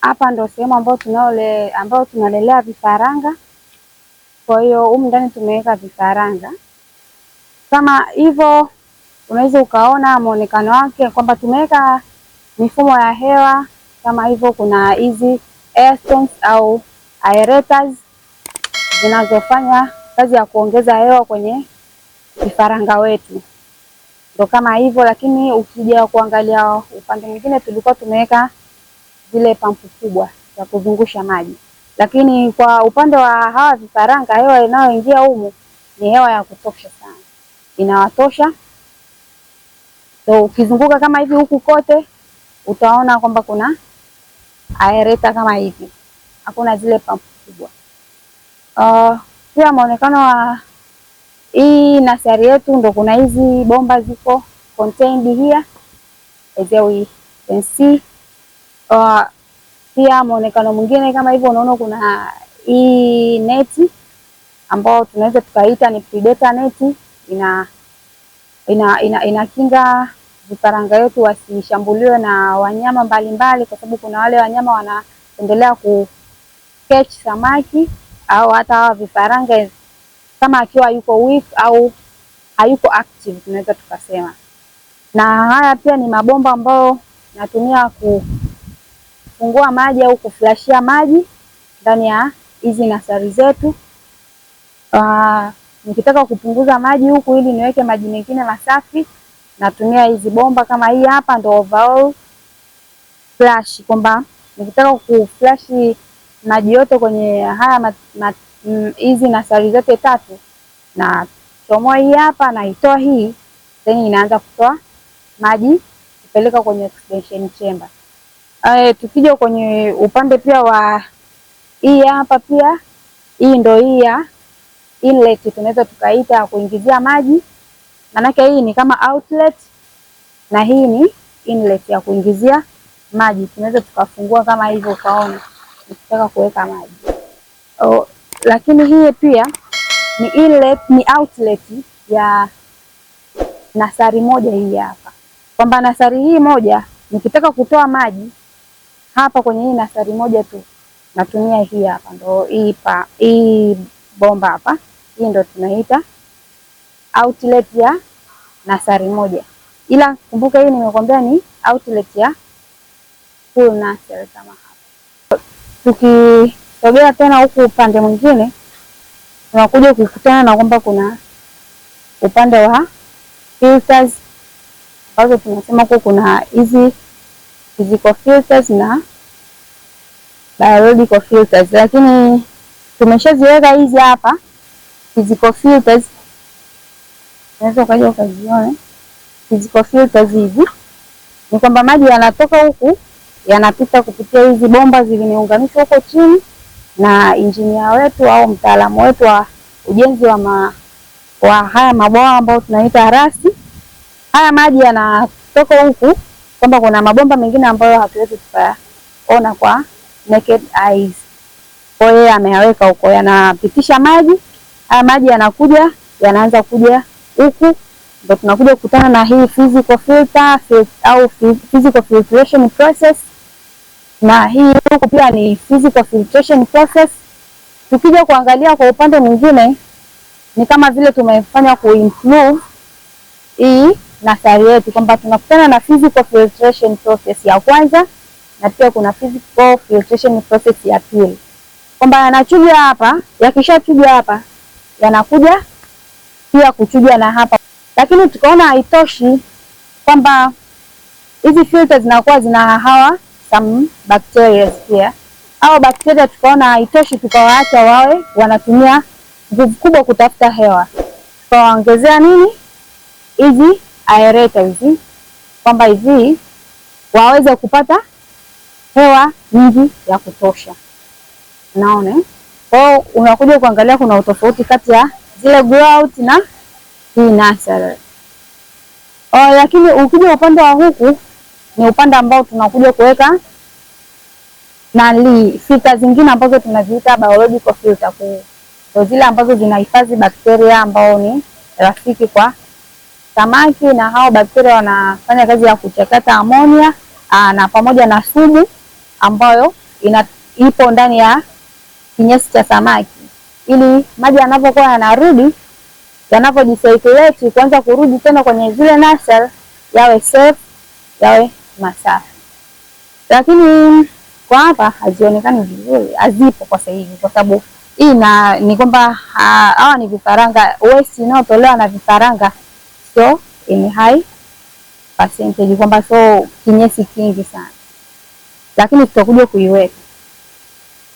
Hapa ndo sehemu ambayo tunaole ambayo tunalelea vifaranga. Kwa hiyo humu ndani tumeweka vifaranga kama hivyo, unaweza ukaona muonekano wake kwamba tumeweka mifumo ya hewa kama hivyo. Kuna hizi airstones au aerators zinazofanya kazi ya kuongeza hewa kwenye vifaranga wetu, ndo kama hivyo. Lakini ukija kuangalia upande mwingine, tulikuwa tumeweka zile pampu kubwa za kuzungusha maji, lakini kwa upande wa hawa vifaranga, hewa inayoingia humu ni hewa ya kutosha sana, inawatosha. So ukizunguka kama hivi huku kote, utaona kwamba kuna aereta kama hivi, hakuna zile pampu kubwa. Uh, pia maonekano wa hii nasari yetu ndo kuna hizi bomba ziko contained here as we can see Uh, pia mwonekano mwingine kama hivyo, unaona kuna hii neti ambayo tunaweza tukaita ni predator neti, ina ina inakinga ina vifaranga wetu wasishambuliwe na wanyama mbalimbali, kwa sababu kuna wale wanyama wanaendelea ku catch samaki au hata hawa vifaranga, kama akiwa yuko weak au hayuko active tunaweza tukasema. Na haya pia ni mabomba ambayo natumia ku kufungua maji au kuflashia maji ndani ya hizi nasari zetu. Uh, nikitaka kupunguza maji huku ili niweke maji mengine masafi natumia hizi bomba kama hii hapa, ndo overall flash, kwamba nikitaka kuflashi maji yote kwenye haya mm, hizi nasari zote tatu, na chomoa hii hapa, naitoa hii, then inaanza kutoa maji kupeleka kwenye extension chamber. E, tukija kwenye upande pia wa hii hapa pia hii ndo hii ya inlet tunaweza tukaita kuingizia maji, maanake hii ni kama outlet na hii ni inlet ya kuingizia maji. Tunaweza tukafungua kama hivyo ukaona nikitaka kuweka maji o, lakini hii pia ni inlet, ni outlet ya nasari moja hii hapa, kwamba nasari hii moja nikitaka kutoa maji hapa kwenye hii nasari moja tu natumia hii hapa, ndo hii pa hii bomba hapa, hii ndo tunaita outlet ya nasari moja, ila kumbuka hii nimekwambia ni outlet ya full nasari. kama hapa. Tukisogea tena huku upande mwingine, tunakuja kukutana na kwamba kuna upande wa filters ambazo tunasema kuwa kuna hizi physical filters na biological filters, lakini tumeshaziweka hizi hapa physical filters. Unaweza ukaja ukazione physical filters hizi ni kwamba maji yanatoka huku yanapita kupitia hizi bomba zilizounganishwa huko chini, na injinia wetu au mtaalamu wetu wa ujenzi wa, ma, wa haya mabwawa ambayo tunaita rasi, haya maji yanatoka huku kwamba kuna mabomba mengine ambayo hatuwezi tukaona kwa naked eyes. Kwa hiyo ameyaweka huko, yanapitisha maji, haya maji yanakuja yanaanza kuja huku, ndio tunakuja kukutana na hii physical filter au physical filtration process, na hii huku pia ni physical filtration process. Tukija kuangalia kwa upande mwingine, ni kama vile tumefanya kuimprove hii nasari yetu kwamba tunakutana na physical filtration process ya kwanza na pia kuna physical filtration process ya pili, kwamba yanachuja hapa, yakishachuja hapa yanakuja pia kuchuja na hapa, lakini tukaona haitoshi kwamba hizi filters zinakuwa zina hawa some bacteria pia au bakteria, tukaona haitoshi, tukawaacha wawe wanatumia nguvu kubwa kutafuta hewa, tukawaongezea nini hizi aereta hivi kwamba hivi waweze kupata hewa nyingi ya kutosha. Unaona, kwao unakuja kuangalia kuna utofauti kati ya zile grout na hii nasara. Oh, lakini ukija upande wa huku ni upande ambao tunakuja kuweka nali filter zingine ambazo tunaziita biological filter, kwa zile ambazo zinahifadhi bakteria ambao ni rafiki kwa samaki, na hao bakteria wanafanya kazi ya kuchakata amonia ah, na pamoja na sumu ambayo ina, ipo ndani ya kinyesi cha samaki, ili maji yanapokuwa yanarudi yanavyojisekuleti kuanza kurudi tena kwenye zile nasal yawe safe, yawe masafi. Lakini kwa hapa hazionekani vizuri, hazipo kwa sasa hivi kwa sababu hii na ni kwamba ah, hawa ni vifaranga waste inayotolewa na vifaranga so in high percentage kwamba so kinyesi kingi sana, lakini tutakuja kuiweka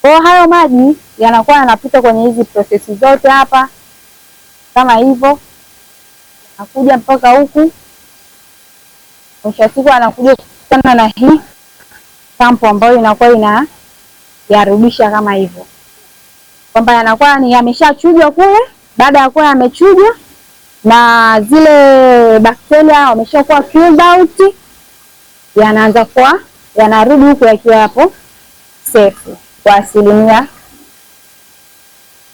kwa hayo maji yanakuwa yanapita kwenye hizi prosesi zote hapa, kama hivyo nakuja mpaka huku. Mwisho siku anakuja kukutana na hii sampo ambayo inakuwa ina yarudisha kama hivyo, kwamba yanakuwa ni yameshachujwa kule. Baada ya kuwa yamechujwa, na zile bakteria wameshakuwa killed out, yanaanza kuwa yanarudi huku yakiwa hapo safe kwa asilimia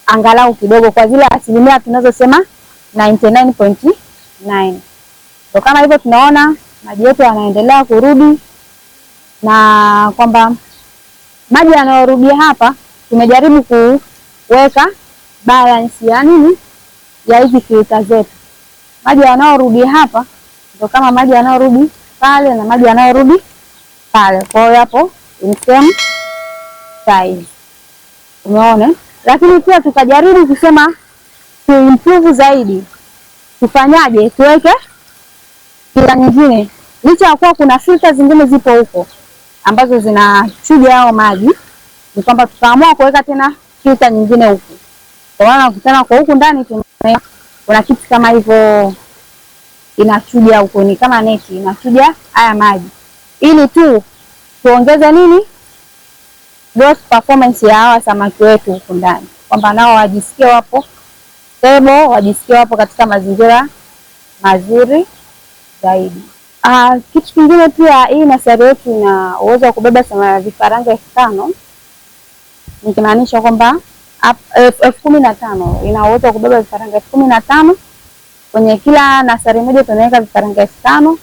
angalau kidogo, kwa zile asilimia tunazosema 99.9. So kama hivyo tunaona maji yetu yanaendelea kurudi, na kwamba maji yanayorudia hapa tumejaribu kuweka balance ya nini ya hizi filter zetu maji yanayorudi hapa ndio kama maji yanayorudi pale na maji yanayorudi pale. Kwa hiyo hapo in same size, umeona. Lakini pia tutajaribu kusema improve zaidi, tufanyaje? Tuweke kila nyingine, licha ya kuwa kuna filter zingine zipo huko ambazo zinachuja hao maji, ni kwamba tukaamua kuweka tena filter nyingine huku, kwa maana kutana kwa huku ndani tuna kuna kitu kama hivyo inachuja huko, ni kama neti inachuja haya maji, ili tu tuongeze nini gross performance ya hawa samaki wetu huku ndani, kwamba nao wajisikie wapo stable, wajisikie wapo katika mazingira mazuri zaidi. Uh, kitu kingine pia hii nasari yetu ina uwezo wa kubeba vifaranga elfu tano nikimaanisha kwamba elfu kumi na tano ina uwezo wa kubeba vifaranga elfu kumi na tano kwenye kila nasari moja tunaweka vifaranga elfu tano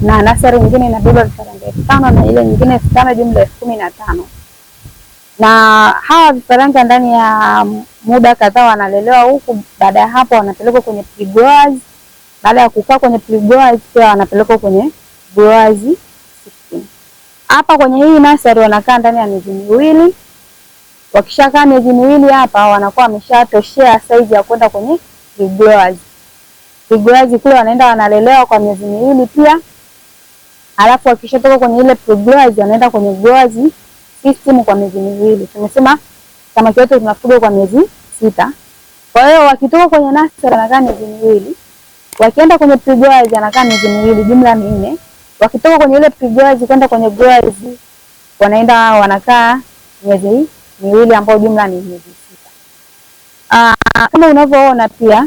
na nasari nyingine inabeba vifaranga elfu tano na ile nyingine elfu tano jumla elfu kumi na tano na hawa vifaranga ndani ya muda kadhaa wanalelewa huku. Baada ya hapo, wanapelekwa kwenye pre-growers. Baada ya kukaa kwenye pre-growers, pia wanapelekwa kwenye growers. Hapa kwenye hii nasari wanakaa ndani ya miezi miwili Wakishakaa miezi miwili hapa wanakuwa wameshatoshea saizi ya kwenda kwenye vigoazi. Vigoazi kule wanaenda wanalelewa kwa miezi miwili pia, alafu wakishatoka kwenye ile progloazi wanaenda kwenye goazi system kwa miezi miwili. Tumesema samaki wetu tunafuga kwa miezi sita. Kwa hiyo wakitoka kwenye nasari wanakaa miezi miwili, wakienda kwenye progloazi wanakaa miezi miwili, jumla minne. Wakitoka kwenye ile progloazi kwenda kwenye goazi wanaenda wanakaa miezi miwili ambayo jumla ni miezi sita. Ah, kama unavyoona pia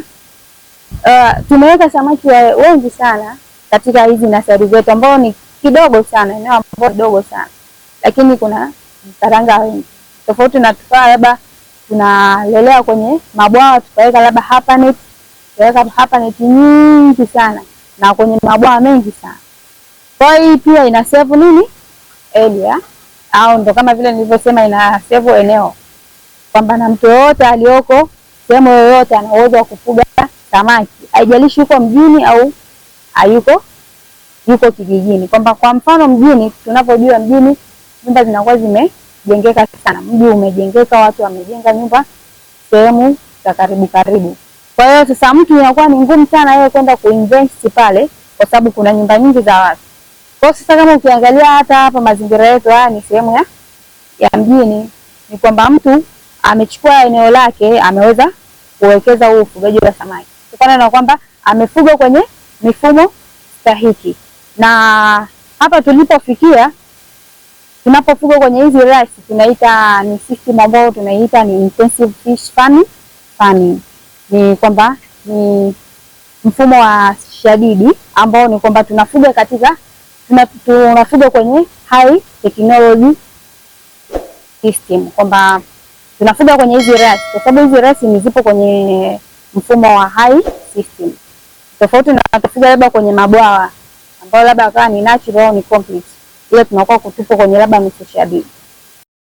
uh, tumeweka samaki wengi sana katika hizi nasari zetu ambao ni kidogo sana, eneo ambao kidogo sana lakini kuna karanga wengi tofauti na tukaa labda tunalelea kwenye mabwawa tukaweka labda hapa net tukaweka hapa net nyingi sana na kwenye mabwawa mengi sana. Kwa hiyo pia ina save nini area au ndo kama vile nilivyosema, ina save eneo kwamba na mtu yoyote alioko sehemu yoyote ana uwezo wa kufuga samaki, haijalishi yuko mjini au hayuko yuko kijijini. Kwamba kwa mfano mjini, tunavyojua mjini nyumba zinakuwa zimejengeka sana, mji umejengeka, watu wamejenga nyumba sehemu za karibu karibu. Kwa hiyo sasa mtu inakuwa ni ngumu sana yeye kwenda kuinvest pale, kwa sababu kuna nyumba nyingi za watu kwa sasa, kama ukiangalia hata hapa mazingira yetu haya ni sehemu ya, ya mjini, ni kwamba mtu amechukua eneo lake ameweza kuwekeza huu ufugaji wa samaki kutokana na kwamba amefuga kwenye mifumo stahiki, na hapa tulipofikia tunapofuga kwenye hizi rasi tunaita ni system ambayo tunaiita ni intensive fish farming, farming. Ni kwamba ni mfumo wa shadidi ambao ni kwamba tunafuga katika tunafuga kwenye high technology system, kwamba tunafuga kwenye hizi rasi, kwa sababu hizi rasi ni zipo kwenye mfumo wa high system, tofauti na tufuga labda kwenye mabwawa ambayo labda akawa ni natural au ni complete, ile tunakuwa kutupo kwenye labda nusu shadidi